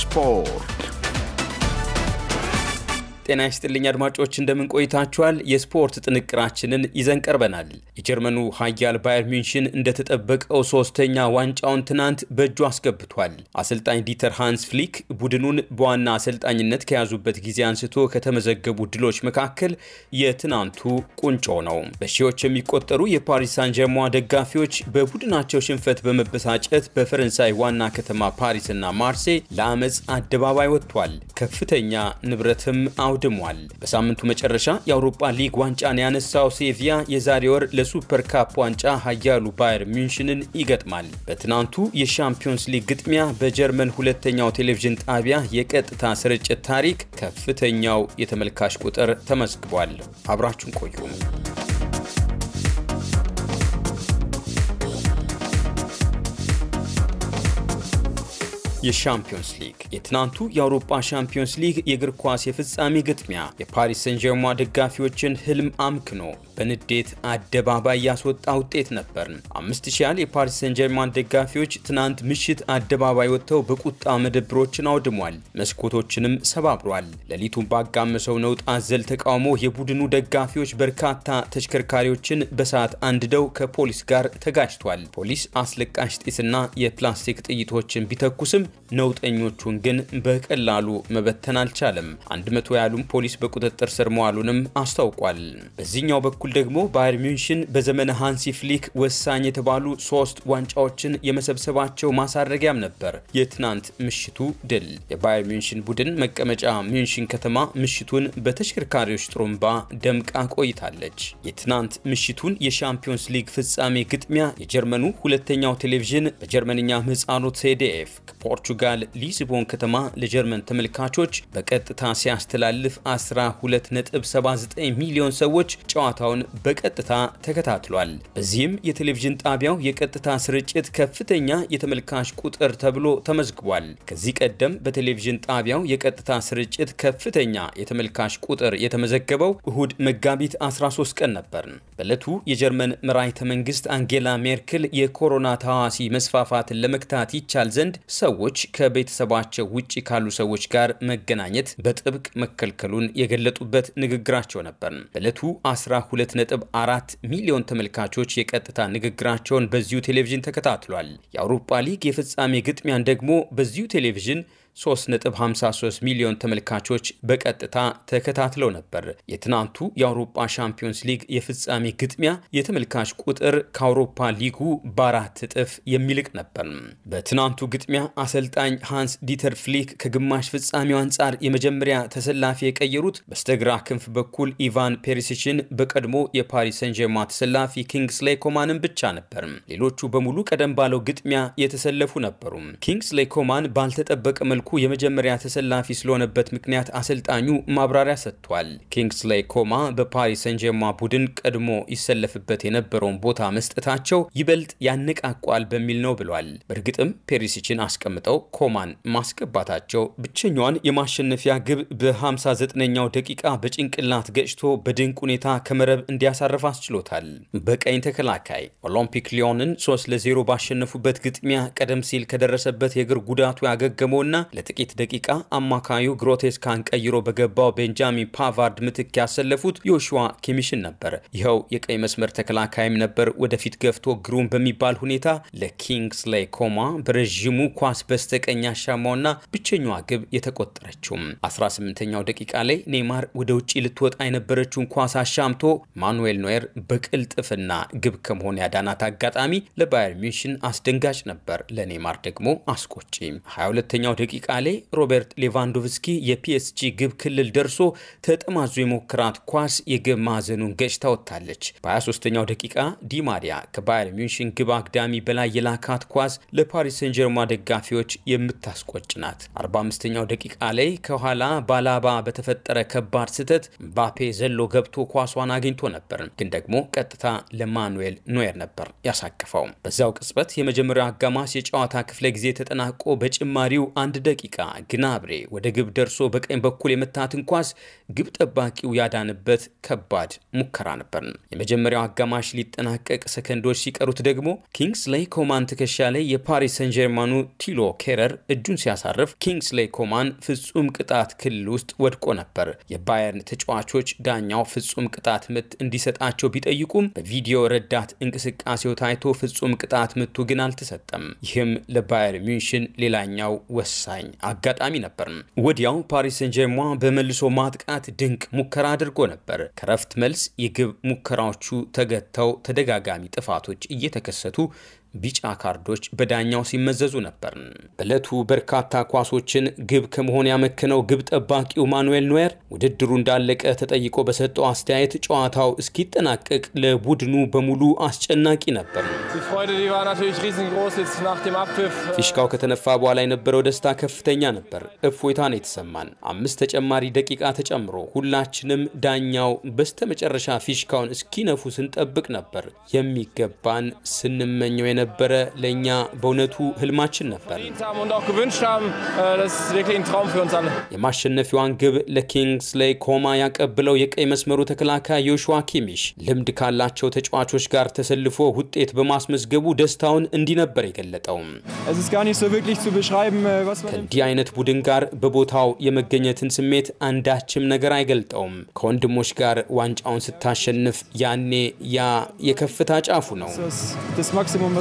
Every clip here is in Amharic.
spor. ጤና ይስጥልኝ አድማጮች፣ እንደምን ቆይታችኋል? የስፖርት ጥንቅራችንን ይዘን ቀርበናል። የጀርመኑ ኃያል ባየር ሚንሽን እንደተጠበቀው ሶስተኛ ዋንጫውን ትናንት በእጁ አስገብቷል። አሰልጣኝ ዲተር ሃንስ ፍሊክ ቡድኑን በዋና አሰልጣኝነት ከያዙበት ጊዜ አንስቶ ከተመዘገቡ ድሎች መካከል የትናንቱ ቁንጮ ነው። በሺዎች የሚቆጠሩ የፓሪስ ሳንጀርማ ደጋፊዎች በቡድናቸው ሽንፈት በመበሳጨት በፈረንሳይ ዋና ከተማ ፓሪስና ማርሴይ ለአመፅ አደባባይ ወጥቷል። ከፍተኛ ንብረትም አውድ አውድሟል። በሳምንቱ መጨረሻ የአውሮፓ ሊግ ዋንጫን ያነሳው ሴቪያ የዛሬ ወር ለሱፐር ካፕ ዋንጫ ኃያሉ ባየር ሚንሽንን ይገጥማል። በትናንቱ የሻምፒዮንስ ሊግ ግጥሚያ በጀርመን ሁለተኛው ቴሌቪዥን ጣቢያ የቀጥታ ስርጭት ታሪክ ከፍተኛው የተመልካች ቁጥር ተመዝግቧል። አብራችሁን ቆዩ። የሻምፒዮንስ ሊግ የትናንቱ የአውሮፓ ሻምፒዮንስ ሊግ የእግር ኳስ የፍጻሜ ግጥሚያ የፓሪስ ሰንጀርማ ደጋፊዎችን ህልም አምክኖ በንዴት አደባባይ ያስወጣ ውጤት ነበር። አምስት ሺ ያህል የፓሪስ ሰንጀርማን ደጋፊዎች ትናንት ምሽት አደባባይ ወጥተው በቁጣ መደብሮችን አውድሟል፣ መስኮቶችንም ሰባብሯል። ሌሊቱን ባጋመሰው ነውጥ አዘል ተቃውሞ የቡድኑ ደጋፊዎች በርካታ ተሽከርካሪዎችን በሰዓት አንድደው ከፖሊስ ጋር ተጋጅቷል። ፖሊስ አስለቃሽ ጢስና የፕላስቲክ ጥይቶችን ቢተኩስም ነውጠኞቹን ግን በቀላሉ መበተን አልቻለም። አንድ መቶ ያሉም ፖሊስ በቁጥጥር ስር መዋሉንም አስታውቋል። በዚህኛው በኩል ደግሞ ባየር ሚንሽን በዘመነ ሃንሲ ፍሊክ ወሳኝ የተባሉ ሶስት ዋንጫዎችን የመሰብሰባቸው ማሳረጊያም ነበር የትናንት ምሽቱ ድል። የባየር ሚንሽን ቡድን መቀመጫ ሚንሽን ከተማ ምሽቱን በተሽከርካሪዎች ጥሩምባ ደምቃ ቆይታለች። የትናንት ምሽቱን የሻምፒዮንስ ሊግ ፍጻሜ ግጥሚያ የጀርመኑ ሁለተኛው ቴሌቪዥን በጀርመንኛ ምህጻሩ ቲዲኤፍ ከፖርቹጋል ሊስቦን ከተማ ለጀርመን ተመልካቾች በቀጥታ ሲያስተላልፍ 12.79 ሚሊዮን ሰዎች ጨዋታውን በቀጥታ ተከታትሏል። በዚህም የቴሌቪዥን ጣቢያው የቀጥታ ስርጭት ከፍተኛ የተመልካች ቁጥር ተብሎ ተመዝግቧል። ከዚህ ቀደም በቴሌቪዥን ጣቢያው የቀጥታ ስርጭት ከፍተኛ የተመልካች ቁጥር የተመዘገበው እሁድ መጋቢት 13 ቀን ነበር። በዕለቱ የጀርመን መራሂተ መንግስት አንጌላ ሜርክል የኮሮና ታዋሲ መስፋፋትን ለመግታት ይቻል ዘንድ ሰዎች ሰዎች ከቤተሰባቸው ውጭ ካሉ ሰዎች ጋር መገናኘት በጥብቅ መከልከሉን የገለጡበት ንግግራቸው ነበር። በዕለቱ 12.4 ሚሊዮን ተመልካቾች የቀጥታ ንግግራቸውን በዚሁ ቴሌቪዥን ተከታትሏል። የአውሮፓ ሊግ የፍጻሜ ግጥሚያን ደግሞ በዚሁ ቴሌቪዥን 3.53 ሚሊዮን ተመልካቾች በቀጥታ ተከታትለው ነበር። የትናንቱ የአውሮፓ ሻምፒዮንስ ሊግ የፍጻሜ ግጥሚያ የተመልካች ቁጥር ከአውሮፓ ሊጉ በአራት እጥፍ የሚልቅ ነበር። በትናንቱ ግጥሚያ አሰልጣኝ ሃንስ ዲተር ፍሊክ ከግማሽ ፍጻሜው አንጻር የመጀመሪያ ተሰላፊ የቀየሩት በስተግራ ክንፍ በኩል ኢቫን ፔሪሲችን በቀድሞ የፓሪስ ሰንጀርማ ተሰላፊ ላይ ኮማንን ብቻ ነበር። ሌሎቹ በሙሉ ቀደም ባለው ግጥሚያ የተሰለፉ ነበሩ። ላይ ኮማን ባልተጠበቀ መልኩ የመጀመሪያ ተሰላፊ ስለሆነበት ምክንያት አሰልጣኙ ማብራሪያ ሰጥቷል። ኪንግስሌይ ኮማ በፓሪስ ሰንጀማ ቡድን ቀድሞ ይሰለፍበት የነበረውን ቦታ መስጠታቸው ይበልጥ ያነቃቋል በሚል ነው ብሏል። በእርግጥም ፔሪሲችን አስቀምጠው ኮማን ማስገባታቸው ብቸኛዋን የማሸነፊያ ግብ በ59ኛው ደቂቃ በጭንቅላት ገጭቶ በድንቅ ሁኔታ ከመረብ እንዲያሳርፍ አስችሎታል። በቀኝ ተከላካይ ኦሎምፒክ ሊዮንን 3 ለ0 ባሸነፉበት ግጥሚያ ቀደም ሲል ከደረሰበት የእግር ጉዳቱ ያገገመውና ለጥቂት ደቂቃ አማካዩ ግሮቴስካን ቀይሮ በገባው ቤንጃሚን ፓቫርድ ምትክ ያሰለፉት ዮሹዋ ኬሚሽን ነበር። ይኸው የቀይ መስመር ተከላካይም ነበር ወደፊት ገፍቶ ግሩም በሚባል ሁኔታ ላይ ኮማ በረዥሙ ኳስ በስተቀኝ ያሻማውና ብቸኛዋ ግብ የተቆጠረችውም 18ኛው ደቂቃ ላይ ኔይማር ወደ ውጭ ልትወጣ የነበረችውን ኳስ አሻምቶ ማኑኤል ኖየር በቅልጥፍና ግብ ከመሆን ያዳናት አጋጣሚ ለባየር ሚሽን አስደንጋጭ ነበር፣ ለኔይማር ደግሞ አስቆጪ 22ኛው ደቂ ላይ ሮቤርት ሌቫንዶቭስኪ የፒኤስጂ ግብ ክልል ደርሶ ተጠማዙ የሞከራት ኳስ የግብ ማዕዘኑን ገጭታ ወጥታለች። በ23ኛው ደቂቃ ዲማሪያ ከባየር ሚንሽን ግብ አግዳሚ በላይ የላካት ኳስ ለፓሪስ ደጋፊዎች የምታስቆጭ ናት። 45ኛው ደቂቃ ላይ ከኋላ ባላባ በተፈጠረ ከባድ ስህተት ምባፔ ዘሎ ገብቶ ኳሷን አግኝቶ ነበር፣ ግን ደግሞ ቀጥታ ለማኑኤል ኖየር ነበር ያሳቅፈው። በዚያው ቅጽበት የመጀመሪያው አጋማሽ የጨዋታ ክፍለ ጊዜ ተጠናቆ በጭማሪው አንድ ደቂቃ ግናብሬ ወደ ግብ ደርሶ በቀኝ በኩል የመታትን ኳስ ግብ ጠባቂው ያዳንበት ከባድ ሙከራ ነበር። የመጀመሪያው አጋማሽ ሊጠናቀቅ ሰከንዶች ሲቀሩት ደግሞ ኪንግስሌይ ኮማን ትከሻ ላይ የፓሪስ ጀርማኑ ቲሎ ኬረር እጁን ሲያሳርፍ ኪንግስሌይ ኮማን ፍጹም ቅጣት ክልል ውስጥ ወድቆ ነበር። የባየርን ተጫዋቾች ዳኛው ፍጹም ቅጣት ምት እንዲሰጣቸው ቢጠይቁም በቪዲዮ ረዳት እንቅስቃሴው ታይቶ ፍጹም ቅጣት ምቱ ግን አልተሰጠም። ይህም ለባየር ሚንሽን ሌላኛው ወሳኝ ወሳኝ አጋጣሚ ነበር። ወዲያው ፓሪስ ሴንጀርማ በመልሶ ማጥቃት ድንቅ ሙከራ አድርጎ ነበር። ከረፍት መልስ የግብ ሙከራዎቹ ተገተው ተደጋጋሚ ጥፋቶች እየተከሰቱ ቢጫ ካርዶች በዳኛው ሲመዘዙ ነበር። በዕለቱ በርካታ ኳሶችን ግብ ከመሆን ያመከነው ግብ ጠባቂው ማኑኤል ኖየር ውድድሩ እንዳለቀ ተጠይቆ በሰጠው አስተያየት ጨዋታው እስኪጠናቀቅ ለቡድኑ በሙሉ አስጨናቂ ነበር። ፊሽካው ከተነፋ በኋላ የነበረው ደስታ ከፍተኛ ነበር። እፎይታ ነው የተሰማን። አምስት ተጨማሪ ደቂቃ ተጨምሮ ሁላችንም ዳኛው በስተመጨረሻ ፊሽካውን እስኪነፉ ስንጠብቅ ነበር። የሚገባን ስንመኘው የነበረ ለእኛ በእውነቱ ህልማችን ነበር። የማሸነፊዋን ግብ ለኪንግስሌይ ኮማ ያቀብለው የቀይ መስመሩ ተከላካይ ዮሹዋ ኪሚሽ ልምድ ካላቸው ተጫዋቾች ጋር ተሰልፎ ውጤት በማስመዝገቡ ደስታውን እንዲህ ነበር የገለጠው። ከእንዲህ አይነት ቡድን ጋር በቦታው የመገኘትን ስሜት አንዳችም ነገር አይገልጠውም። ከወንድሞች ጋር ዋንጫውን ስታሸንፍ ያኔ ያ የከፍታ ጫፉ ነው።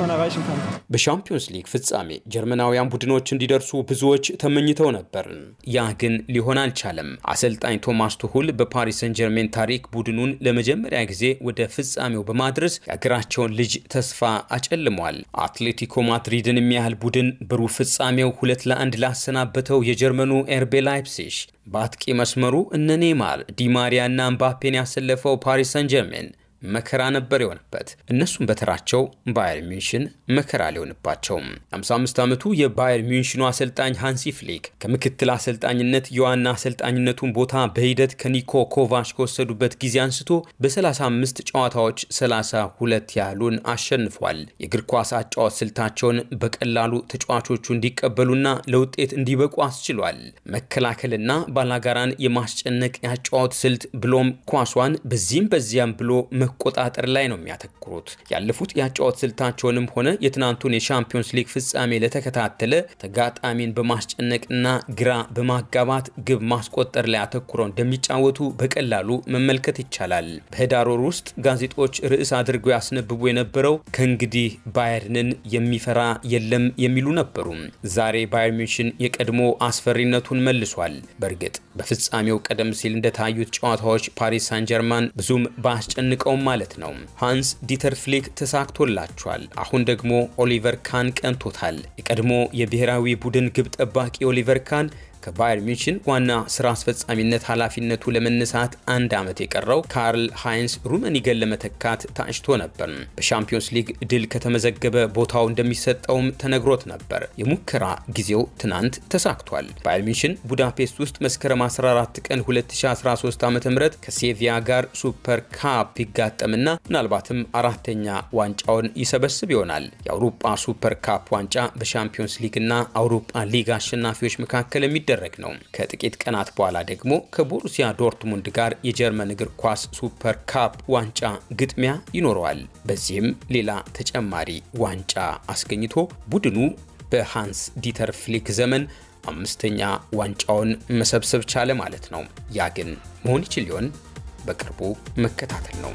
ራሳቸውን erreichen kann. በሻምፒዮንስ ሊግ ፍጻሜ ጀርመናውያን ቡድኖች እንዲደርሱ ብዙዎች ተመኝተው ነበር። ያ ግን ሊሆን አልቻለም። አሰልጣኝ ቶማስ ቱሁል በፓሪስ ሰን ጀርሜን ታሪክ ቡድኑን ለመጀመሪያ ጊዜ ወደ ፍጻሜው በማድረስ የሀገራቸውን ልጅ ተስፋ አጨልሟል። አትሌቲኮ ማድሪድን የሚያህል ቡድን በሩብ ፍጻሜው ሁለት ለአንድ ላሰናበተው የጀርመኑ ኤርቤ ላይፕሲሽ በአጥቂ መስመሩ እነ ኔማር ዲማሪያና እምባፔን ያሰለፈው ፓሪስ ሰን ጀርሜን መከራ ነበር የሆነበት። እነሱም በተራቸው ባየር ሚንሽን መከራ ሊሆንባቸውም 55 ዓመቱ የባየር ሚንሽኑ አሰልጣኝ ሃንሲ ፍሊክ ከምክትል አሰልጣኝነት የዋና አሰልጣኝነቱን ቦታ በሂደት ከኒኮ ኮቫች ከወሰዱበት ጊዜ አንስቶ በ35 ጨዋታዎች 32 ያህሉን አሸንፏል። የእግር ኳስ አጫዋት ስልታቸውን በቀላሉ ተጫዋቾቹ እንዲቀበሉና ለውጤት እንዲበቁ አስችሏል። መከላከልና ባላጋራን የማስጨነቅ ያጫዋት ስልት ብሎም ኳሷን በዚህም በዚያም ብሎ መቆጣጠር ላይ ነው የሚያተኩሩት። ያለፉት የአጫዋት ስልታቸውንም ሆነ የትናንቱን የሻምፒዮንስ ሊግ ፍጻሜ ለተከታተለ ተጋጣሚን በማስጨነቅና ግራ በማጋባት ግብ ማስቆጠር ላይ አተኩረው እንደሚጫወቱ በቀላሉ መመልከት ይቻላል። በህዳር ወር ውስጥ ጋዜጦች ርዕስ አድርገው ያስነብቡ የነበረው ከእንግዲህ ባየርንን የሚፈራ የለም የሚሉ ነበሩ። ዛሬ ባየር ሚሽን የቀድሞ አስፈሪነቱን መልሷል። በእርግጥ በፍጻሜው ቀደም ሲል እንደታዩት ጨዋታዎች ፓሪስ ሳን ጀርማን ብዙም ባስጨንቀውም ማለት ነው። ሃንስ ዲተር ፍሊክ ተሳክቶላቸዋል። አሁን ደግሞ ኦሊቨር ካን ቀንቶታል። የቀድሞ የብሔራዊ ቡድን ግብ ጠባቂ ኦሊቨር ካን ከባየር ሚንሽን ዋና ስራ አስፈጻሚነት ኃላፊነቱ ለመነሳት አንድ ዓመት የቀረው ካርል ሃይንስ ሩመኒገን ለመተካት ታጭቶ ነበር። በሻምፒዮንስ ሊግ ድል ከተመዘገበ ቦታው እንደሚሰጠውም ተነግሮት ነበር። የሙከራ ጊዜው ትናንት ተሳክቷል። ባየር ሚንሽን ቡዳፔስት ውስጥ መስከረም 14 ቀን 2013 ዓ ም ከሴቪያ ጋር ሱፐር ካፕ ይጋጠምና ምናልባትም አራተኛ ዋንጫውን ይሰበስብ ይሆናል። የአውሮፓ ሱፐር ካፕ ዋንጫ በሻምፒዮንስ ሊግና አውሮፓ ሊግ አሸናፊዎች መካከል የሚደ የሚደረግ ነው። ከጥቂት ቀናት በኋላ ደግሞ ከቦሩሲያ ዶርትሙንድ ጋር የጀርመን እግር ኳስ ሱፐር ካፕ ዋንጫ ግጥሚያ ይኖረዋል። በዚህም ሌላ ተጨማሪ ዋንጫ አስገኝቶ ቡድኑ በሃንስ ዲተር ፍሊክ ዘመን አምስተኛ ዋንጫውን መሰብሰብ ቻለ ማለት ነው። ያ ግን መሆን ይችል ሊሆን በቅርቡ መከታተል ነው።